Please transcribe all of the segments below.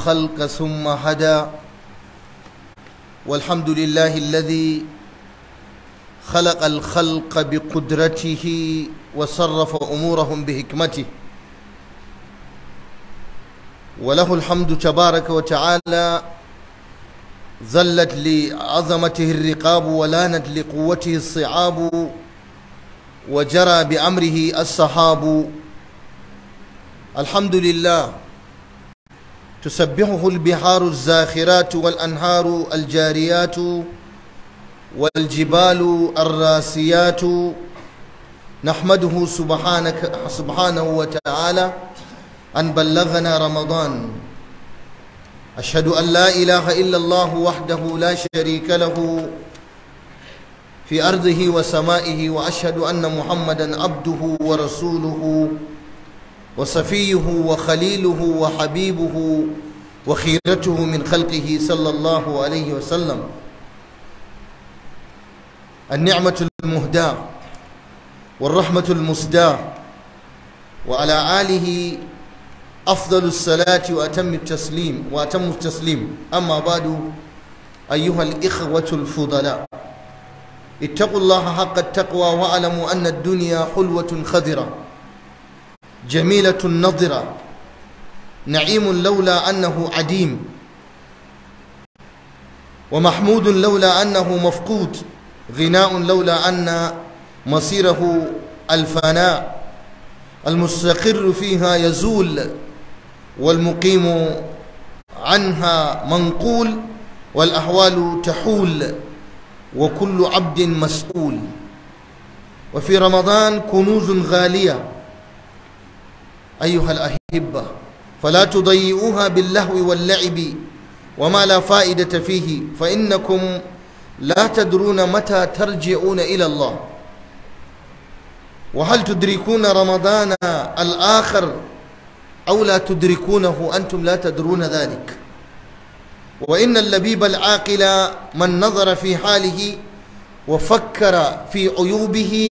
الخلق ثم هدى والحمد لله الذي خلق الخلق بقدرته وصرف امورهم بحكمته وله الحمد تبارك وتعالى ذلت لعظمته الرقاب ولانت لقوته الصعاب وجرى بامره السحاب الحمد لله تسبحه البحار الزاخرات والأنهار الجاريات والجبال الراسيات نحمده سبحانك سبحانه وتعالى أن بلغنا رمضان أشهد أن لا إله إلا الله وحده لا شريك له في أرضه وسمائه وأشهد أن محمدا عبده ورسوله وصفيه وخليله وحبيبه وخيرته من خلقه صلى الله عليه وسلم النعمة المهداة والرحمة المسداة وعلى آله أفضل الصلاة وأتم التسليم وأتم التسليم أما بعد أيها الإخوة الفضلاء اتقوا الله حق التقوى واعلموا أن الدنيا حلوة خضرة جميلة النظرة نعيم لولا أنه عديم ومحمود لولا أنه مفقود غناء لولا أن مصيره الفناء المستقر فيها يزول والمقيم عنها منقول والأحوال تحول وكل عبد مسؤول وفي رمضان كنوز غالية أيها الأحبة فلا تضيئوها باللهو واللعب وما لا فائدة فيه فإنكم لا تدرون متى ترجعون إلى الله وهل تدركون رمضان الآخر أو لا تدركونه أنتم لا تدرون ذلك وإن اللبيب العاقل من نظر في حاله وفكر في عيوبه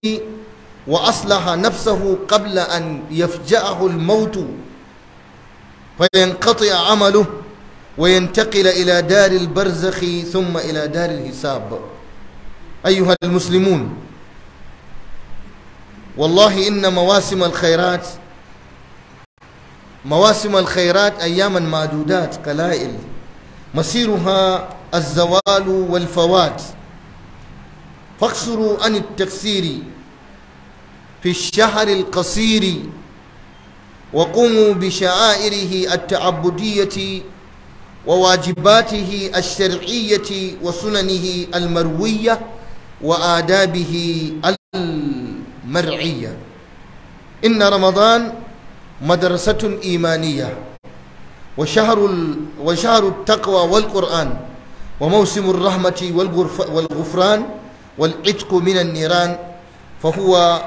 وأصلح نفسه قبل أن يفجأه الموت فينقطع عمله وينتقل إلى دار البرزخ ثم إلى دار الحساب أيها المسلمون والله إن مواسم الخيرات مواسم الخيرات أياما معدودات قلائل مسيرها الزوال والفوات فاقصروا عن التكسير في الشهر القصير وقوموا بشعائره التعبدية وواجباته الشرعية وسننه المروية وآدابه المرعية إن رمضان مدرسة إيمانية وشهر وشهر التقوى والقرآن وموسم الرحمة والغفران والعتق من النيران فهو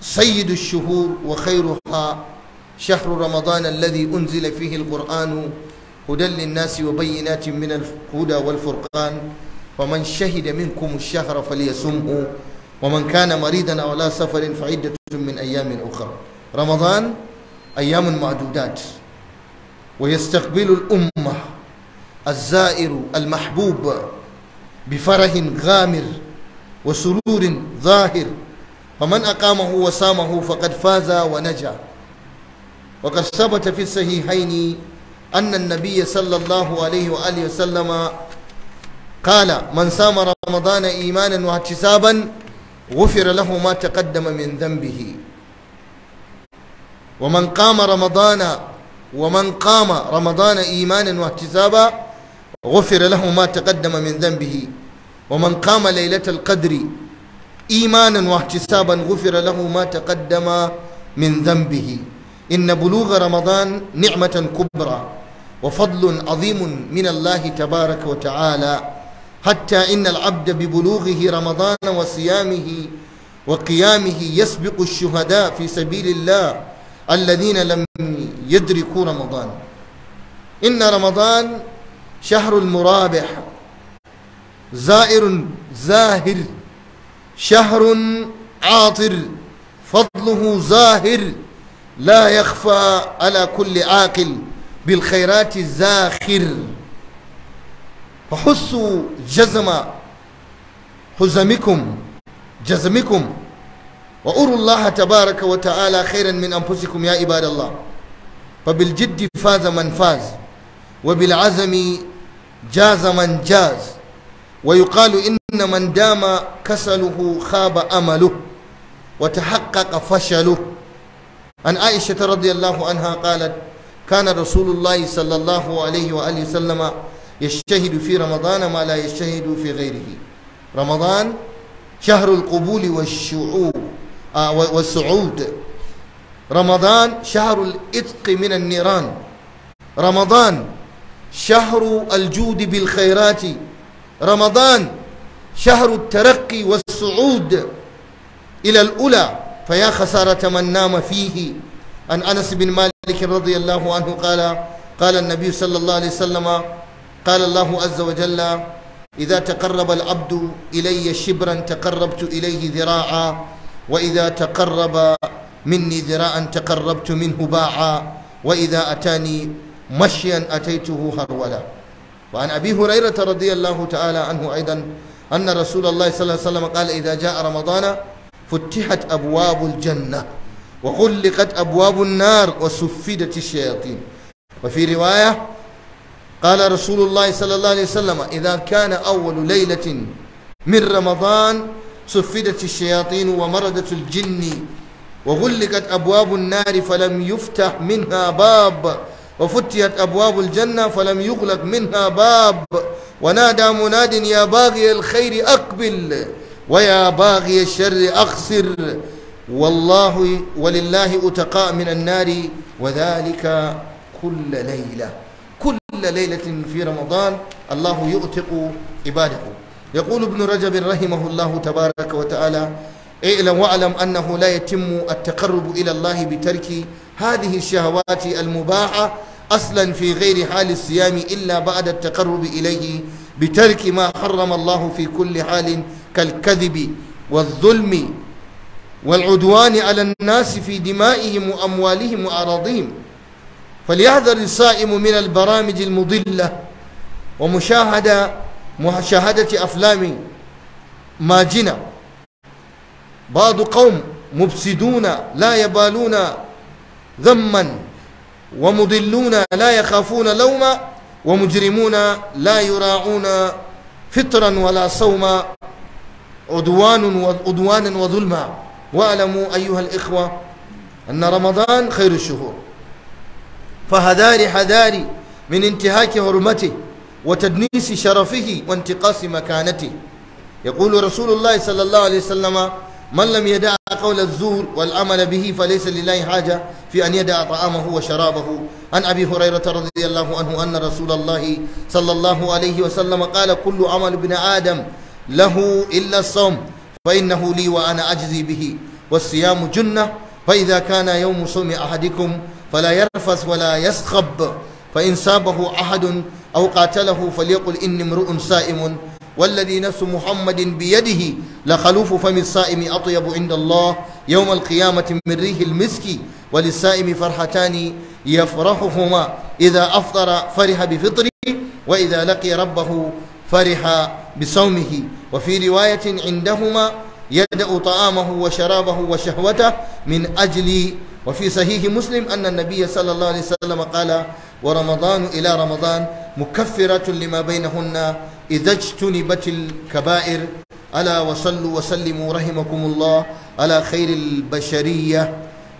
سيد الشهور وخيرها شهر رمضان الذي أنزل فيه القرآن هدى للناس وبينات من الهدى والفرقان ومن شهد منكم الشهر فليصمه ومن كان مريضا أو لا سفر فعدة من أيام أخرى رمضان أيام معدودات ويستقبل الأمة الزائر المحبوب بفرح غامر وسرور ظاهر فمن أقامه وصامه فقد فاز ونجا وقد ثبت في الصحيحين أن النبي صلى الله عليه وآله وسلم قال من صام رمضان إيمانا واحتسابا غفر له ما تقدم من ذنبه ومن قام رمضان ومن قام رمضان إيمانا واحتسابا غفر له ما تقدم من ذنبه ومن قام ليلة القدر إيمانا واحتسابا غفر له ما تقدم من ذنبه إن بلوغ رمضان نعمة كبرى وفضل عظيم من الله تبارك وتعالى حتى إن العبد ببلوغه رمضان وصيامه وقيامه يسبق الشهداء في سبيل الله الذين لم يدركوا رمضان إن رمضان شهر المرابح زائر زاهر شهر عاطر فضله زاهر لا يخفى على كل عاقل بالخيرات الزاخر فحسوا جزم حزمكم جزمكم وأروا الله تبارك وتعالى خيرا من أنفسكم يا عباد الله فبالجد فاز من فاز وبالعزم جاز من جاز wa yuqalu inna man dama kasaluhu khaba amalu wa tahaqqaqa fashalu an aisha radiyallahu anha qalat kana rasulullahi sallallahu alaihi wa alihi sallama yashtahidu fi ramadana ma la yashtahidu fi ghairihi ramadan شهر القبول والشعوب والسعود رمضان شهر الإتق من النيران رمضان شهر الجود بالخيرات رمضان شهر الترقي والصعود إلى الأولى فيا خسارة من نام فيه عن أنس بن مالك رضي الله عنه قال قال النبي صلى الله عليه وسلم قال الله عز وجل إذا تقرب العبد إلي شبرا تقربت إليه ذراعا وإذا تقرب مني ذراعا تقربت منه باعا وإذا أتاني مشيا أتيته هرولا وعن أبي هريرة رضي الله تعالى عنه أيضا أن رسول الله صلى الله عليه وسلم قال إذا جاء رمضان فتحت أبواب الجنة وغلقت أبواب النار وسفدت الشياطين وفي رواية قال رسول الله صلى الله عليه وسلم إذا كان أول ليلة من رمضان سفدت الشياطين ومردت الجن وغلقت أبواب النار فلم يفتح منها باب وفتيت أبواب الجنة فلم يغلق منها باب ونادى مناد يا باغي الخير أقبل ويا باغي الشر أقصر والله ولله أتقاء من النار وذلك كل ليلة كل ليلة في رمضان الله يؤتق عباده يقول ابن رجب رحمه الله تبارك وتعالى اعلم واعلم أنه لا يتم التقرب إلى الله بترك هذه الشهوات المباحة أصلا في غير حال الصيام إلا بعد التقرب إليه بترك ما حرم الله في كل حال كالكذب والظلم والعدوان على الناس في دمائهم وأموالهم وأراضيهم فليحذر الصائم من البرامج المضلة ومشاهدة مشاهدة أفلام ماجنة بعض قوم مفسدون لا يبالون ذما ومضلون لا يخافون لوما ومجرمون لا يراعون فطرا ولا صوما عدوان عدوانا وظلما واعلموا ايها الاخوه ان رمضان خير الشهور فهذاري حذاري من انتهاك حرمته وتدنيس شرفه وانتقاص مكانته يقول رسول الله صلى الله عليه وسلم من لم يدع قول الزور والعمل به فليس لله حاجه في أن يدع طعامه وشرابه عن أبي هريرة رضي الله عنه أن رسول الله صلى الله عليه وسلم قال كل عمل ابن آدم له إلا الصوم فإنه لي وأنا أجزي به والصيام جنة فإذا كان يوم صوم أحدكم فلا يرفث ولا يسخب فإن سابه أحد أو قاتله فليقل إني امرؤ سائم والذي نفس محمد بيده لخلوف فم الصائم أطيب عند الله يوم القيامة من ريح المسك وللصائم فرحتان يفرحهما إذا أفطر فرح بفطره وإذا لقي ربه فرح بصومه وفي رواية عندهما يدأ طعامه وشرابه وشهوته من أجل وفي صحيح مسلم أن النبي صلى الله عليه وسلم قال wa ramadanu ila ramadan mukaffiratun lima bainahunna idza batil kaba'ir ala wa sallu wa sallimu ala khairil bashariyya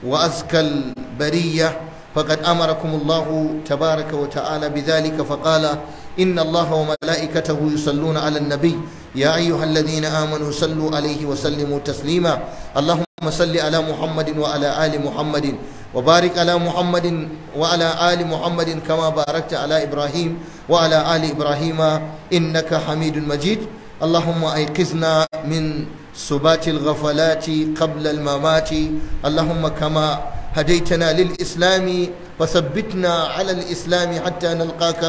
wa azkal bariyya faqad amarakum Allah tabaraka wa ta'ala bidhalika faqala إن الله وملائكته يصلون على النبي يا أيها الذين آمنوا صلوا عليه وسلموا تسليما اللهم صل على محمد وعلى آل محمد وبارك على محمد وعلى آل محمد كما باركت على إبراهيم وعلى آل إبراهيم إنك حميد مجيد اللهم أيقظنا من سبات الغفلات قبل الممات اللهم كما هديتنا للإسلام وثبتنا على الإسلام حتى نلقاك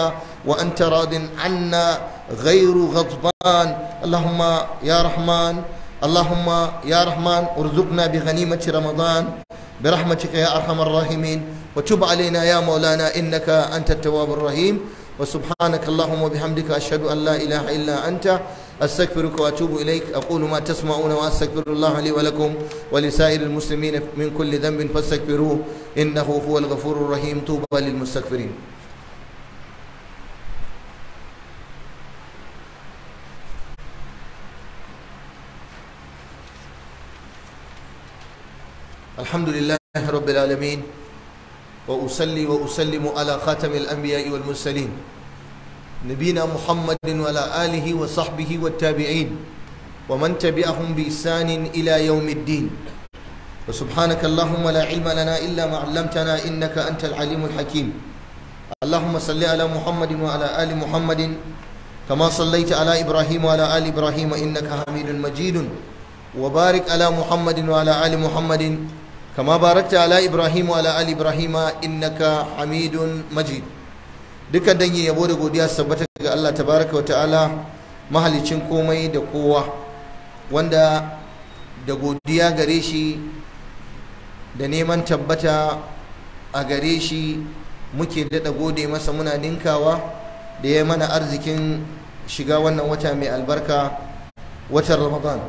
وأنت راض عنا غير غضبان اللهم يا رحمن اللهم يا رحمن ارزقنا بغنيمة رمضان برحمتك يا أرحم الراحمين وتب علينا يا مولانا إنك أنت التواب الرحيم وسبحانك اللهم وبحمدك أشهد أن لا إله إلا أنت أستغفرك وأتوب إليك أقول ما تسمعون وأستغفر الله لي ولكم ولسائر المسلمين من كل ذنب فاستغفروه إنه هو الغفور الرحيم طوبى للمستغفرين الحمد لله رب العالمين وأصلي وأسلم على خاتم الأنبياء والمرسلين نبينا محمد وعلى آله وصحبه والتابعين ومن تبعهم بإحسان إلى يوم الدين وسبحانك اللهم لا علم لنا إلا ما علمتنا إنك أنت العليم الحكيم اللهم صل على محمد وعلى آل محمد كما صليت على إبراهيم وعلى آل إبراهيم إنك حميد مجيد وبارك على محمد وعلى آل محمد kama barakta ala ibrahim wa ala ali ibrahim innaka hamidun majid Duka dangi yabo da godiya su tabbata ga Allah tabaraka wa mahalicin komai da kowa wanda da godiya gare shi da neman tabbata a gare shi muke daɗa gode masa muna ninkawa da ya mana arzikin shiga wannan wata mai albarka watan ramadan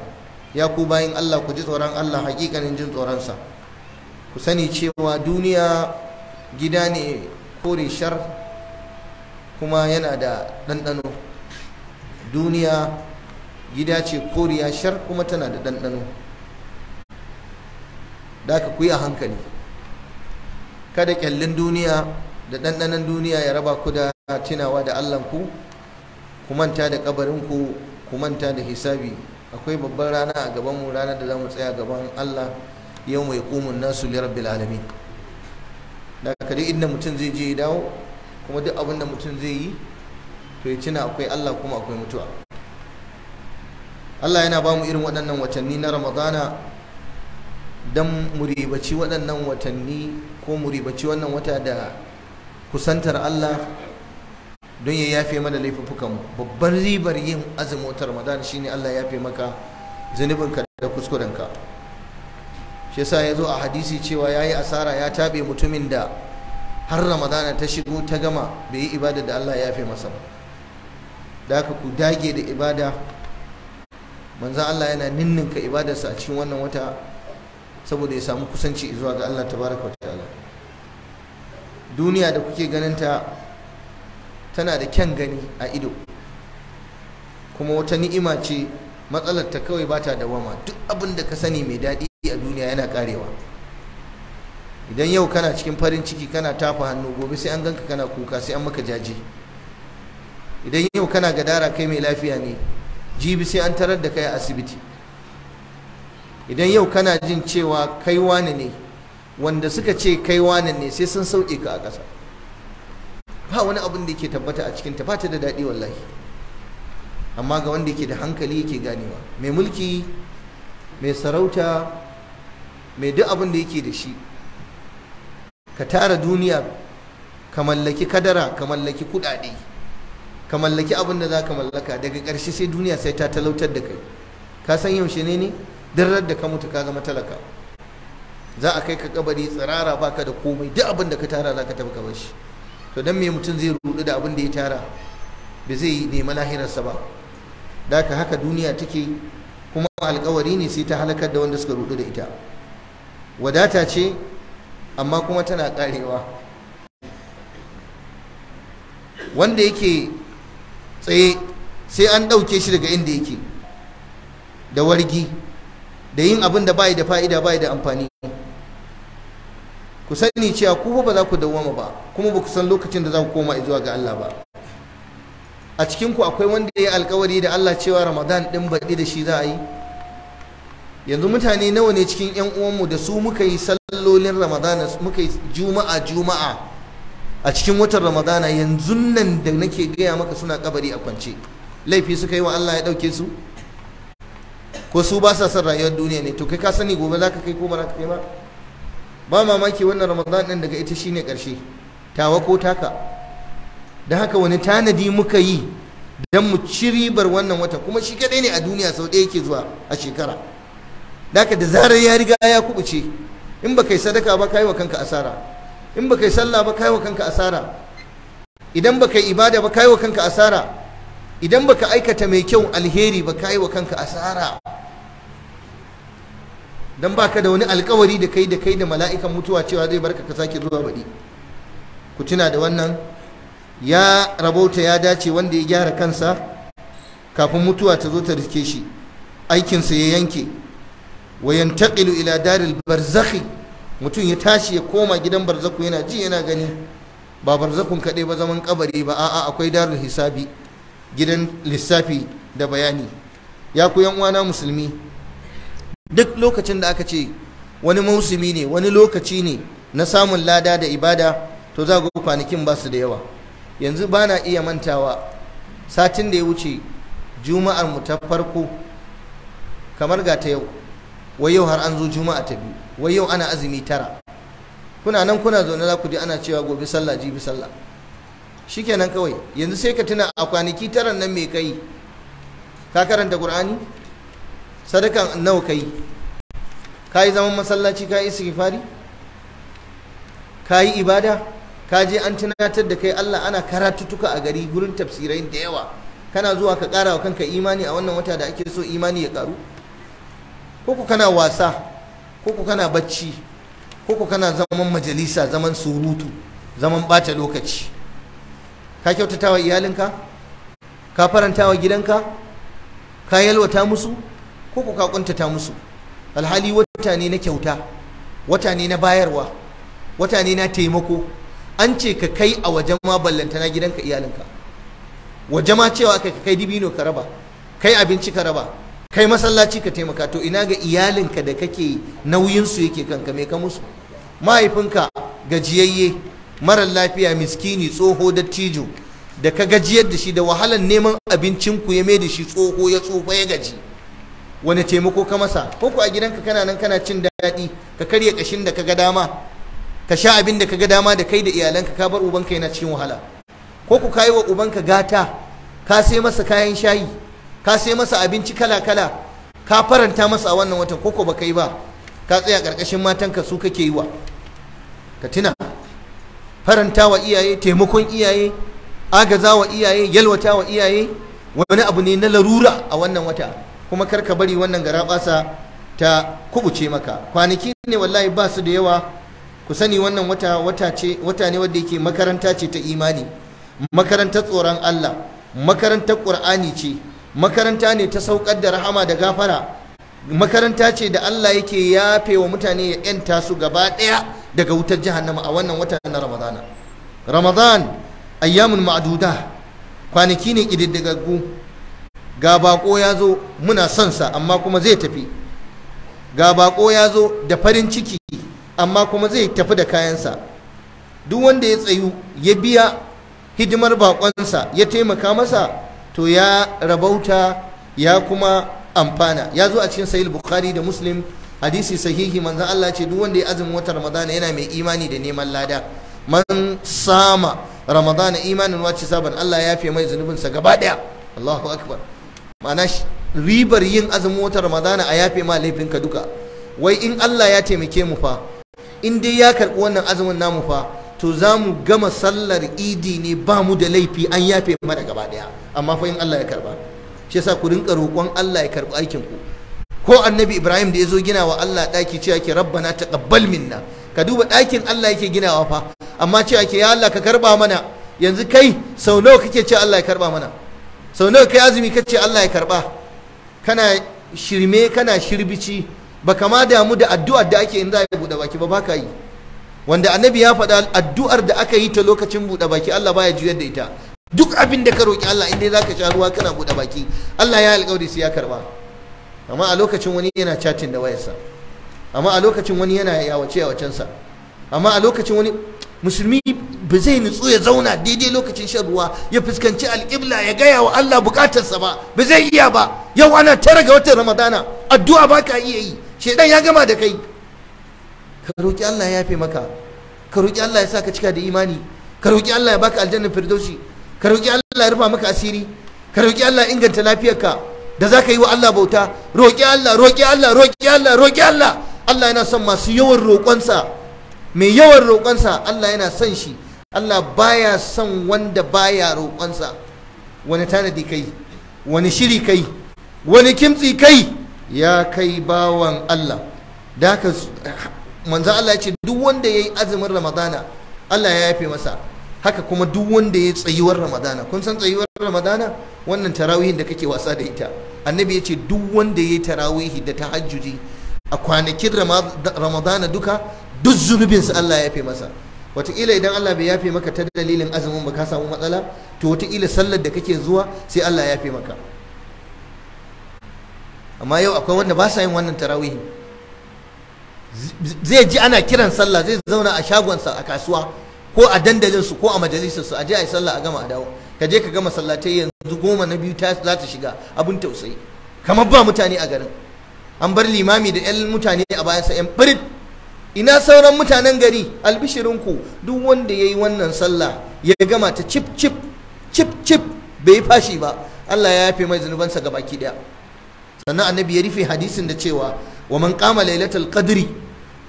ya ku bayan allah ku ji tsoron allah hakikanin jin tsoronsa ku sani cewa duniya gida ne kore shar kuma yana da ɗanɗano duniya gida ce koriya shar kuma tana da ɗanɗano da ka ku yi a hankali kada kyallin duniya da ɗanɗanon duniya ya raba ku da tunawa da allahnku ku manta da ƙabarinku ku manta da hisabi akwai babban rana a gabanmu ranar da za mu tsaya gaban allah yau mai ƙumun nasu lirabbil alamin da ka duk inda mutum zai je ya dawo kuma duk abin da mutum zai yi to ya tuna akwai Allah kuma akwai mutuwa Allah yana ba mu irin waɗannan watanni na Ramadana don muribaci waɗannan watanni ko muribaci wannan wata da kusantar Allah don ya yafe mana laifukanmu babban ribar yin azumin wata Ramadana shine Allah ya yafe maka zunubinka da kuskurenka shi yasa ya zo a hadisi cewa ya yi asara ya taɓe mutumin da har ramadana ta shigo ta gama bai yi ibada da Allah ya yafe masa ba da aka ku dage da ibada manzan Allah yana ninninka ibadarsa a cikin wannan wata saboda ya samu kusanci zuwa ga Allah ta baraka wa ta'ala duniya da kuke ganin ta tana da kyan gani a ido kuma wata ni'ima ce matsalar ta kawai ba ta dawama duk abin da ka sani mai daɗi a duniya yana karewa idan yau kana cikin farin ciki kana tafa hannu gobe sai an ganka kana kuka sai an maka jaje idan yau kana gadara kai mai lafiya ne jibi sai an tarar da kai a asibiti idan yau kana jin cewa kai wani ne wanda suka ce kai wani ne sai sun sauke ka a ƙasa ba wani abin da yake tabbata a cikinta ba ta da daɗi wallahi amma ga wanda yake da hankali yake ganewa mai mulki mai sarauta mai duk abin da yake da shi ka tara duniya ka mallaki kadara ka mallaki kudade ka mallaki abin da za ka mallaka daga ƙarshe sai duniya sai ta talautar da kai ka san yaushe ne ne dirar da ka mutu ka zama talaka za a kai ka kabari tsirara baka da komai duk abin da ka tara za ka tafi ka to dan me mutum zai rudu da abin da ya tara ba zai nema lahirarsa ba da haka duniya take kuma alkawari ne sai ta halakar da wanda suka rudu da ita wadata ce amma kuma tana karewa wanda yake tsaye sai an ɗauke shi daga inda yake da wargi da yin abin da bai da fa'ida bai da amfani ku sani cewa ku ba za ku dawwama ba kuma ba ku san lokacin da za ku koma zuwa ga Allah ba a cikinku akwai wanda ya yi alkawari da Allah cewa ramadan ɗin baɗi da shi za a yi yanzu mutane nawa ne cikin 'yan uwanmu da su muka yi sallolin ramadana muka yi juma'a juma'a a cikin watan ramadana yanzu nan da nake gaya maka suna kabari a kwance laifi suka yi wa Allah ya ɗauke su ko su ba sa son rayuwar duniya ne to kai ka sani gobe za ka kai ko ba za ka kai ba ba mamaki wannan ramadan din daga ita shine ƙarshe tawa ko taka da haka wani tanadi muka yi don mu ci ribar wannan wata kuma shi kadai ne a duniya sau ɗaya yake zuwa a shekara da haka da zarar ya riga ya kubuce in ba kai sadaka ba kai wa kanka asara in ba kai sallah ba kai wa kanka asara idan ba kai ibada ba kai wa kanka asara idan ba ka aikata mai kyau alheri ba kai wa kanka asara dan baka da wani alkawari da kai da kai da mala'ikan mutuwa cewa zai barka ka sake zuwa baɗi ku tuna da wannan ya rabauta ya dace wanda ya gyara kansa kafin mutuwa ta zo ta rike shi aikinsa ya yanke Wayantakilu, yantaqilu ila daril barzakhi mutum ya tashi ya koma gidan barzaku yana ji yana gani ba barzakun kaɗai ba zaman kabari ba a'a akwai darul hisabi gidan lissafi da bayani ya ku yan uwana musulmi duk lokacin da aka ce wani mausumi ne wani lokaci ne na samun lada da ibada to za ga kwanakin ba su da yawa yanzu ba na iya mantawa satin da ya wuce juma'ar mu ta farko kamar ga ta yau wai yau har an zo juma'a ta biyu wai yau ana azumi tara kuna nan kuna zaune za ku ji ana cewa gobe sallah jibi sallah shikenan kawai yanzu sai ka tuna a kwanaki taran nan me kai ka karanta qur'ani sadakan nawa kai ka yi zaman masallaci ka yi istighfari ka yi ibada ka je an tunatar da kai Allah ana karatutuka a gari gurin tafsirai da yawa kana zuwa ka ƙara wa kanka imani a wannan wata da ake so imani ya ƙaru ko kana wasa ko kana bacci ko kana zaman majalisa zaman surutu zaman ɓata lokaci ka kyautata wa iyalinka ka faranta wa gidanka ka yalwata musu ko ka kuntata musu alhali wata ne na kyauta wata ne na bayarwa wata ne na taimako an ce ka kai a wajen ma ballantana gidanka iyalinka waje ma cewa kai ka kai dibino ka raba kai abinci ka raba kai masallaci ka taimaka to ina ga iyalinka da kake nauyinsu yake kanka me ka musu mahaifinka gajiyayye marar lafiya miskini tsoho dattijo da ka gajiyar da shi da wahalar neman abincin ku ya mai da shi tsoho ya tsofa ya gaji wani taimako ka masa ko ku a gidanka kana nan kana cin daɗi ka karya ƙashin da ka ga dama ka sha abin da ka ga dama da kai da iyalanka ka bar ubanka yana cikin wahala ko ku kayi wa ubanka gata ka sai masa kayan shayi ka sai masa abinci kala kala ka faranta masa a wannan watan koko ba kai ba ka tsaya karkashin matan ka su kake yi wa ka tuna faranta wa iyaye taimakon iyaye agaza wa iyaye yalwata wa iyaye wani abu ne na larura a wannan wata kuma karka bari wannan gara ta kubuce maka kwanaki ne wallahi ba su da yawa ku sani wannan wata wata ce wata ne wadda yake makaranta ce ta imani Makaranta tsoron Allah Makaranta Qur'ani ce makaranta ne ta saukar da rahama da gafara makaranta ce da Allah yake yafe wa mutane ya yanta su gaba daya daga wutar jahannama a wannan wata na Ramadana Ramadan ayyamun ma'duda kwanaki ne kididdigaggu ga bako ya zo muna son sa amma kuma zai tafi ga bako ya zo da farin ciki amma kuma zai tafi da kayansa duk wanda ya tsayu ya biya hidimar bakonsa ya taimaka masa to ya rabauta ya kuma amfana ya zo a cikin sahih bukhari da muslim hadisi sahihi manzon Allah ce duk wanda ya azumin watan ramadana yana mai imani da neman lada man sama ramadana imanin wace saban Allah ya fi mai zunubinsa gaba daya Allahu akbar ribar yin azumin watan ramadana a yafe ma laifinka duka wai in Allah ya taimake mu fa in dai ya karɓi wannan azumin namu fa to za mu gama sallar idi ne ba mu da laifi an yafe mana gaba ɗaya amma fa in Allah ya karɓa shi yasa ku rinka roƙon Allah ya karɓi aikin ku ko annabi Ibrahim da ya zo gina wa Allah ɗaki cewa ke rabbana taqabbal minna ka duba ɗakin Allah yake ginawa fa amma cewa ke ya Allah ka karɓa mana yanzu kai sau nawa kake ce Allah ya karɓa mana sau nawa kai azumi ka ce Allah ya karɓa kana shirme kana shirbici ba kama damu da addu'ar da ake in za a baki ba baka yi wanda annabi ya faɗa addu'ar da aka yi ta lokacin buɗe baki Allah baya juyar da ita duk abin da ka roƙi Allah inda za ka sha ruwa kana buɗe baki Allah ya alƙawari sai ya karba. amma a lokacin wani yana chatin da wayarsa amma a lokacin wani yana yawace yawacensa amma a lokacin wani musulmi ba zai nutsu ya zauna daidai lokacin shan ruwa ya fuskanci alƙibla ya gaya wa Allah buƙatarsa ba ba zai iya ba yau ana tara ga watan ramadana addu'a ba ka iya yi shedan ya gama da kai ka roƙi Allah ya yafe maka ka roƙi Allah ya sa ka cika da imani ka roƙi Allah ya baka aljanna firdausi ka roƙi Allah ya rufa maka asiri ka roƙi Allah ya inganta lafiyarka da za ka yi wa Allah bauta roƙi Allah roƙi Allah roƙi Allah roƙi Allah Allah yana son masu yawan roƙonsa mai yawan roƙonsa Allah yana son shi Allah baya son wanda baya roƙonsa wani tanadi kai wani shiri kai wani kimtsi kai ya kai bawan Allah da haka manzo Allah ya ce duk wanda ya yi azumin ramadana Allah ya yafe masa haka kuma duk wanda ya tsayuwar ramadana kun san tsayuwar ramadana wannan tarawihin da kake wasa da ita annabi ya ce duk wanda yayi tarawihi da tahajjudi a kwanakin ramadana duka duk zunubinsa Allah ya yafe masa wataƙila idan Allah bai yafe maka ta dalilin azumin ba ka samu matsala to wataƙila sallar da kake zuwa sai Allah ya yafe maka amma yau akwai wanda ba sa yin wannan tarawihin zai ji ana kiran sallah zai zauna a shagonsa a kasuwa ko a dandalinsu ko a majalisarsu a je a yi sallah a gama a dawo ka je ka gama sallatai yanzu goma na biyu za ta shiga abin tausayi kamar ba mutane a garin an bar limami da 'yan mutane a bayansa 'yan birit ina sauran mutanen gari albishirinku duk wanda ya yi wannan sallah ya gama ta cip cip bai yi fashi ba Allah ya yafe mai zunubansa ga baki daya sannan annabi ya rufe hadisin da cewa wa man kama lailatul qadri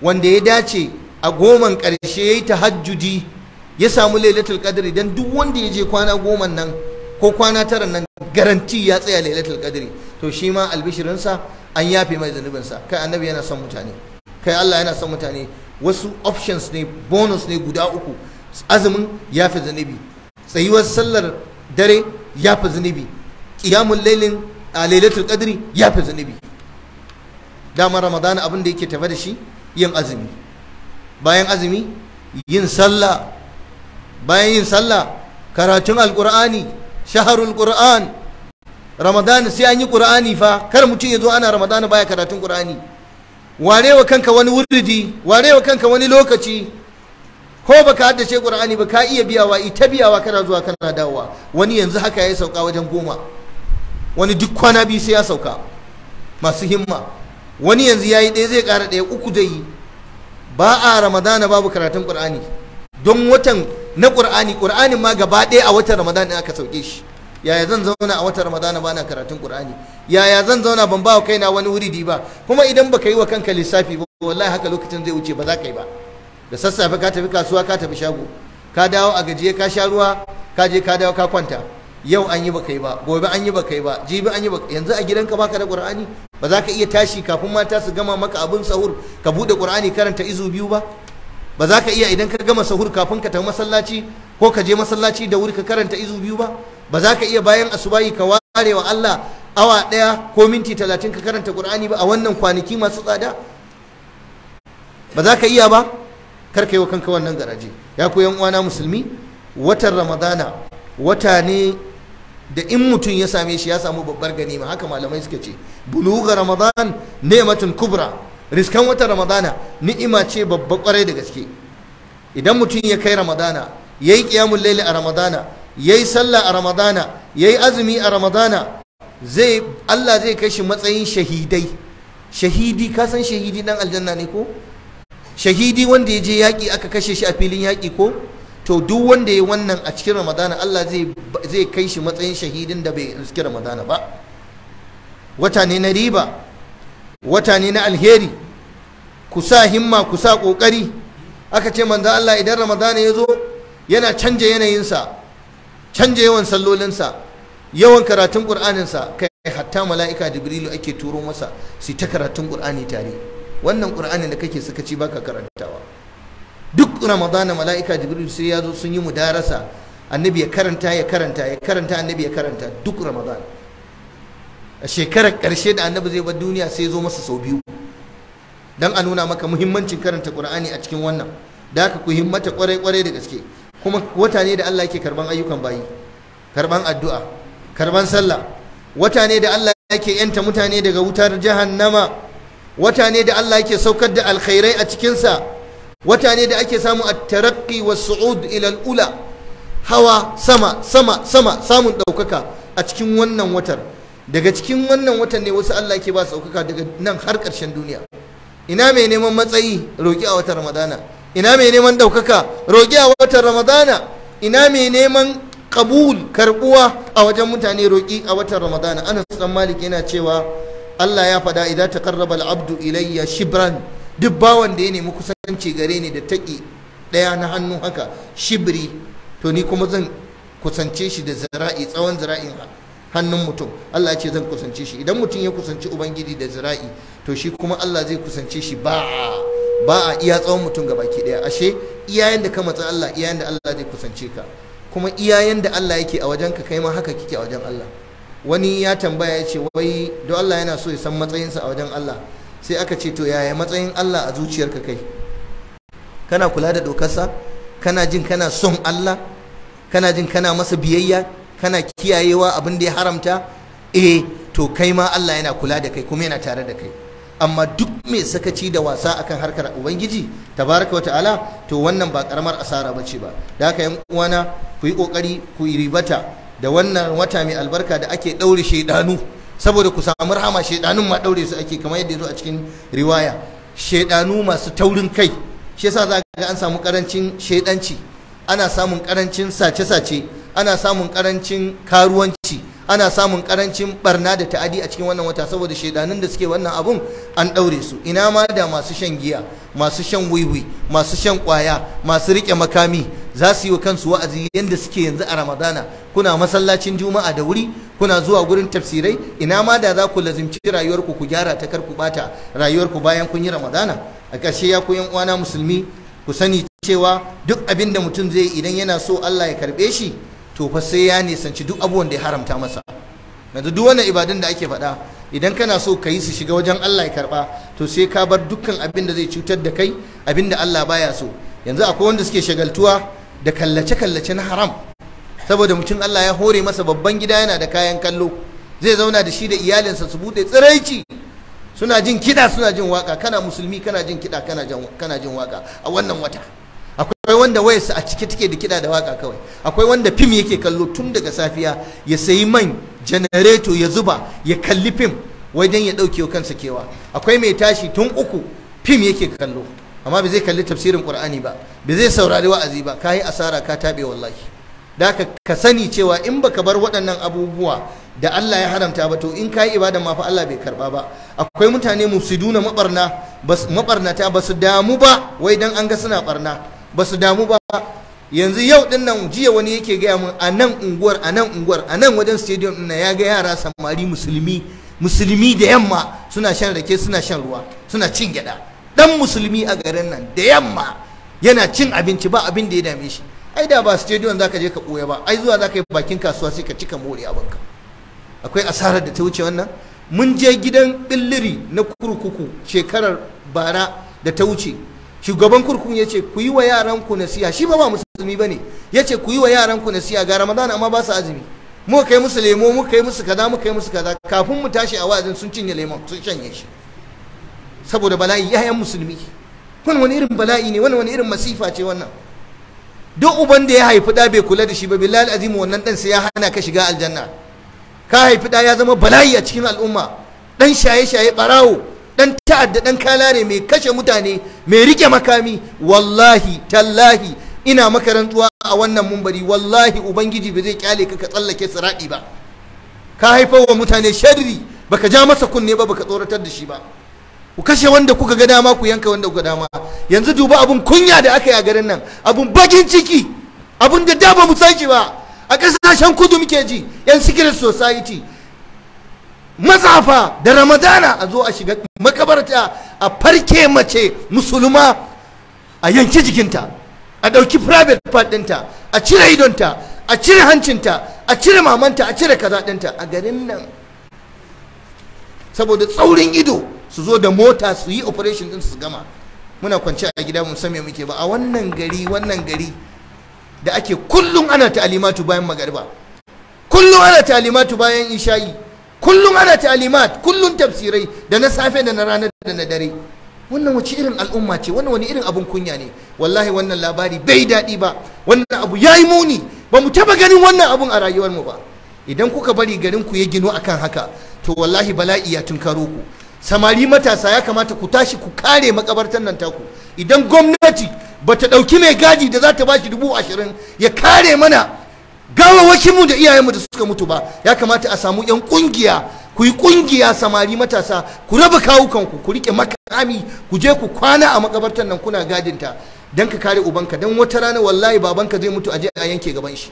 wanda ya dace a goman karshe ya yi tahajjudi ya samu lailatul qadri dan duk wanda ya je kwana goman nan ko kwana tara nan garanti ya tsaya lailatul qadri to shi ma albishirinsa an yafe mai zanubinsa. kai annabi yana son mutane kai Allah yana son mutane wasu options ne bonus ne guda uku azumin yafe zanubi. tsayuwar sallar dare yafe zanubi. qiyamul lailin a lailatul qadri yafe zunubi dama ramadana abin da yake tafe da shi yin azumi bayan azumi yin sallah bayan yin sallah karatun alkur'ani shaharul qur'an ramadan sai an yi qur'ani fa kar mutum ya zo ana ramadan baya karatun qur'ani warewa kanka wani wuridi warewa kanka wani lokaci ko baka haddace qur'ani ba ka iya biyawa ita biyawa kana zuwa kana dawowa wani yanzu haka ya sauka wajen goma wani duk kwana biyu sai ya sauka masu himma wani yanzu ya yi ɗaya zai ƙara ɗaya uku zai yi ba a ramadana babu karatun ƙur'ani don watan na ƙur'ani ƙur'anin ma gaba ɗaya a watan ramadana aka sauke shi yaya zan zauna a watan ramadana ba na karatun ƙur'ani yaya zan zauna ban ba wa kaina wani wuri di ba kuma idan baka yi wa kanka lissafi ba wallahi haka lokacin zai wuce ba za ka yi ba da sassafe ka tafi kasuwa ka tafi shago ka dawo a gajiye ka sha ruwa ka je ka dawo ka kwanta yau an yi ba kai ba gobe an yi ba kai ba jibi an yi ba yanzu a gidanka baka da qur'ani ba za ka iya tashi kafin mata su gama maka abin sahur ka bude qur'ani karanta izu biyu ba ba za ka iya idan ka gama sahur kafin ka tafi masallaci ko ka je masallaci da wuri ka karanta izu biyu ba ba za ka iya bayan asubahi ka ware wa Allah awa daya ko minti talatin ka karanta qur'ani ba a wannan kwanaki masu tsada ba za ka iya ba kar ka yi wa kanka wannan garaje ya koyan uwana musulmi watan ramadana wata ne da in mutum ya same shi ya samu babbar ganima haka malamai suka ce buluga ramadan ni'matun kubra riskan wata ramadana ni'ima ce babba kwarai da gaske idan mutum ya kai ramadana yayi qiyamul laili a ramadana yayi sallah a ramadana yayi azumi a ramadana zai Allah zai kai shi matsayin shahidai shahidi ka san shahidi dan aljanna ne ko shahidi wanda ya je yaƙi aka kashe shi a filin yaƙi ko to duk wanda ya yi wannan a cikin ramadana Allah zai kai shi matsayin shahidin da bai riski ramadana ba wata ne na riba wata ne na alheri ku sa himma ku sa kokari aka ce manzo Allah idan ramadana ya zo yana canja yanayinsa canja yawan sallolinsa yawan karatun ƙur'aninsa kai hatta mala'ika jibrilu ake turo masa su ta karatun ƙur'ani tare wannan ƙur'anin da kake sakaci baka karantawa duk ramadana mala'ika jibril sai ya zo sun yi mudarasa annabi ya karanta ya karanta ya karanta annabi ya karanta duk ramadan a shekarar karshe da annabi zai bar duniya sai zo masa sau biyu dan a nuna maka muhimmancin karanta qur'ani a cikin wannan da haka ku himmata kwarai kwarai da gaske kuma wata ne da Allah yake karban ayyukan bayi karban addu'a karban sallah wata ne da Allah yake yanta mutane daga wutar jahannama wata ne da Allah yake saukar da alkhairai a cikinsa wata ne da ake samu a taraqqi wa suud ila ula hawa sama sama sama samun ɗaukaka a cikin wannan watar daga cikin wannan watan ne wasu Allah ke ba su ɗaukaka daga nan har ƙarshen duniya ina mai neman matsayi roƙi a watan ramadana ina mai neman ɗaukaka roƙi a watan ramadana ina mai neman kabul karbuwa a wajen mutane roƙi a watan ramadana anas dan malik yana cewa Allah ya faɗa idan taqarraba al-abdu ilayya shibran duk bawan da ya nemi kusanci gare ni da taƙi ɗaya na hannu haka shibiri to ni kuma zan kusance shi da zira'i tsawon zira'in hannun mutum Allah ya ce zan kusance shi idan mutum ya kusanci ubangiji da zira'i to shi kuma Allah zai kusance shi ba ba a iya tsawon mutum ga baki ɗaya. ashe iyayen da ka matsa Allah iyayen da Allah zai kusance ka kuma iyayen da Allah yake a wajen ka kai ma haka kike a wajen Allah wani ya tambaya ya ce wai don Allah yana so ya san matsayinsa a wajen Allah sai aka ce to yaya matsayin Allah a zuciyarka kai kana kula da dokarsa kana jin kana son Allah kana jin kana masa biyayya kana kiyayewa abin da ya haramta eh to kai ma Allah yana kula da kai kuma yana tare da kai amma duk mai sakaci da wasa akan harkar ubangiji tabaraka wata'ala to wannan ba karamar asara bace ba da haka yan uwana ku yi kokari ku ribata da wannan wata mai albarka da ake daure shaidanu saboda ku samu rahama shedanun ma daure su ake kamar yadda ya zo a cikin riwaya shedanu masu taurin kai shi yasa za ga an samu karancin shedanci ana samun karancin sace-sace ana samun karancin karuwanci ana samun karancin barna da ta'adi a cikin wannan wata saboda shedanun da suke wannan abun an ɗaure su ina ma da masu shan giya masu shan wiwi masu shan kwaya masu riƙe makami za su yi wa kansu wa'azi yadda suke yanzu a ramadana kuna masallacin juma'a da wuri kuna zuwa gurin tafsirai ina ma da za ku lazimci rayuwarku ku gyara ta karku bata rayuwarku bayan kun yi ramadana a ƙarshe ya ku yan uwana musulmi ku sani cewa duk abin da mutum zai idan yana so Allah ya karɓe shi to fa sai ya nisanci duk abubuwan da ya haramta masa yanzu duk wannan ibadun da ake faɗa idan kana so ka yi su shiga wajen Allah ya karɓa to sai ka bar dukkan abin da zai cutar da kai abin da Allah baya so yanzu akwai wanda suke shagaltuwa da kallace-kallace na haram saboda mutum Allah ya hore masa babban gida yana da kayan kallo zai zauna da shi da iyalinsa su bude tsiraici suna jin kiɗa suna jin waka kana musulmi kana jin kiɗa kana jin waka a wannan wata akwai wanda wayarsa a cike take da kiɗa da waka kawai akwai wanda fim yake kallo tun daga safiya ya sayi man janareto ya zuba ya kalli fim wajen ya ɗauke kansa kewa akwai mai tashi tun uku fim yake kallo amma ba zai kalli tafsirin qur'ani ba ba zai saurari wa'azi ba kai asara ka tabe wallahi da ka sani cewa in baka bar waɗannan abubuwa da Allah ya haramta ba to in kai ibada ma fa Allah bai karba ba akwai mutane mufsiduna mabarna mabarnata ba su damu ba wai dan an ga suna barna ba su damu ba yanzu yau din nan jiya wani yake gaya mun a nan unguwar a nan unguwar a nan wajen stadium din ya ga yara samari musulmi musulmi da yamma suna shan rake suna shan ruwa suna cin gyada dan musulmi a garin nan da yamma yana cin abinci ba abin da ya dame shi ai da ba stadium zaka je ka koya ba ai zuwa zaka yi bakin kasuwa sai ka cika abin ka. akwai asarar da ta wuce wannan mun je gidan billiri na kurkuku shekarar bara da ta wuce shugaban kurkukun ya ce ku yi wa yaranku nasiha shi ba ba musulmi ba ne ya ce ku yi wa yaranku nasiha ga ramadan amma ba su azumi muka kai musu lemo muka kai musu kaza muka kai musu kaza kafin mu tashi a wa'azin sun cinye lemon sun shanye shi saboda bala'i yayan musulmi wannan wani irin bala'i ne wani irin masifa ce wannan duk uban da ya haifi da bai kula da shi ba billahi azimu wannan dan sai ya hana ka shiga aljanna ka haifi da ya zama bala'i a cikin al'umma dan shaye shaye barawo dan ta'adda dan kalare mai kashe mutane mai rike makami wallahi tallahi ina maka rantsuwa a wannan mumbari wallahi ubangiji ba zai kyale ka ka tsallake siradi ba ka haifar wa mutane sharri baka ja masa kunne ba baka tsoratar da shi ba ku kashe wanda kuka ga dama ku yanka wanda kuka dama yanzu duba abun kunya da aka yi a garin nan abun bakin ciki abun da da ba mu san ba a kasashen kudu muke ji yan secret society mazafa da ramadana a zo a shiga makabarta a farke mace musulma a yanki jikinta a ɗauki private part ɗinta a cire idonta a cire hancinta a cire mamanta a cire kaza ɗinta a garin nan saboda tsaurin ido su zo da mota su yi operation din su gama muna kwance a gida mun san me muke ba a wannan gari wannan gari da ake kullum ana ta'alimatu bayan magariba kullum ana ta'alimatu bayan isha'i kullum ana ta'alimat kullum tafsirai da na safe da na rana da na dare wannan wace irin al'umma ce wannan wani irin abun kunya ne wallahi wannan labari bai daɗi ba wannan abu ya yi muni ba mu taɓa ganin wannan abun a rayuwarmu ba idan kuka bari garin ku ya gino akan haka to wallahi bala'i ya tunkaro ku samari matasa ya kamata ku tashi ku kare makabartan nan taku idan gwamnati ba ta ɗauki mai gaji da za ta ba shi dubu ashirin ya kare mana gawawakinmu da iyayenmu da suka mutu ba ya kamata a samu 'yan ƙungiya ku yi ƙungiya samari matasa ku raba kawukanku ku riƙe makami ku je ku kwana a makabartan nan kuna gadinta don ka kare ubanka don wata rana wallahi babanka zai mutu a je a yanke gaban shi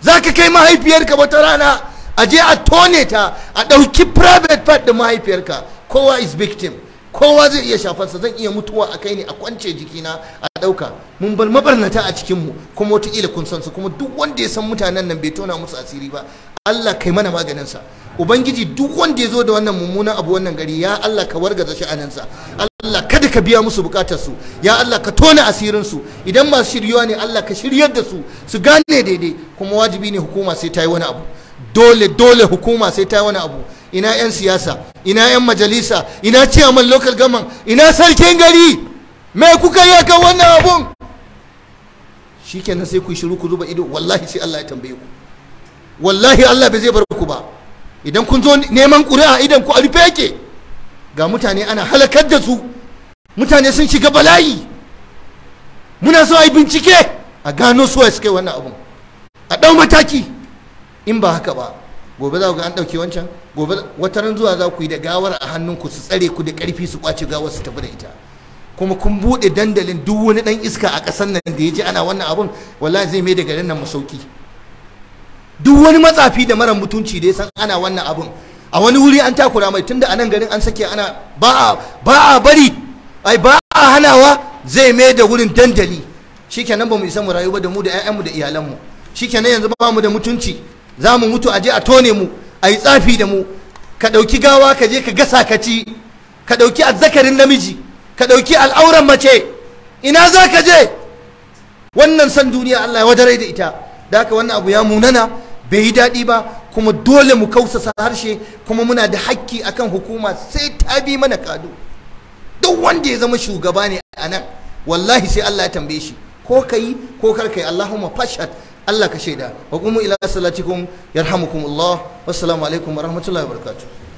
za ka kai mahaifiyarka wata rana a je a tone ta a ɗauki private part da mahaifiyarka kowa is victim kowa zai iya shafarsa zan iya mutuwa a kai ne a kwance jikina a ɗauka mun bar mabarnata a cikinmu kuma wataƙila kun san su kuma duk wanda ya san mutanen nan bai tona musu asiri ba Allah kai mana maganin sa ubangiji duk wanda ya zo da wannan mummunan abu wannan gari ya Allah ka wargaza sa Allah kada ka biya musu bukatar su. ya Allah ka tona asirin su idan masu shiryuwa ne Allah ka shiryar da su su gane daidai kuma wajibi ne hukuma sai ta yi wani abu dole dole hukuma sai ta yi wani abu ina 'yan siyasa ina 'yan majalisa ina ciyaman local gaman ina sarkin gari me kuka yi akan wannan abun shikenan sai ku shiru ku zuba ido wallahi sai Allah ya tambaye ku wallahi Allah bai zai bar ku ba idan kun zo neman ƙuri'a idan ku a rufe yake ga mutane ana halakar da su mutane sun shiga bala'i muna so a yi bincike a gano suwa suka kai wannan abun a ɗau mataki in ba haka ba gobe za ku ga an ɗauki wancan gobe wata ran zuwa za ku yi da gawar a hannunku su tsare ku da karfi su kwace gawar su tafi da ita kuma kun bude dandalin duk wani dan iska a ƙasar nan da ya ji ana wannan abun wallahi zai mai da garin nan masauki duk wani matsafi da mara mutunci da ya san ana wannan abun a wani wuri an takura mai tunda a nan garin an sake ana ba a bari ai ba a hanawa zai mai da wurin dandali shikenan ba mu isa mu rayu ba da mu da 'ya'yanmu da iyalanmu shikenan yanzu ba mu da mutunci za mu mutu a je a tone mu a yi tsafi da mu ka ɗauki gawa ka je ka gasa ka ci ka ɗauki azzakarin namiji ka ɗauki al'auran mace ina za ka je wannan san duniya Allah ya wadarai da ita da haka wannan abu ya munana bai yi daɗi ba kuma dole mu kausasa harshe kuma muna da hakki akan hukuma sai ta bi mana kado duk wanda ya zama shugaba ne a nan wallahi sai Allah ya tambaye shi ko ka yi ko kar ka yi Allahumma fashat Allah ka shaida wa qumu ila salatikum yarhamukumullah wassalamu alaikum wa rahmatullahi wa barakatuh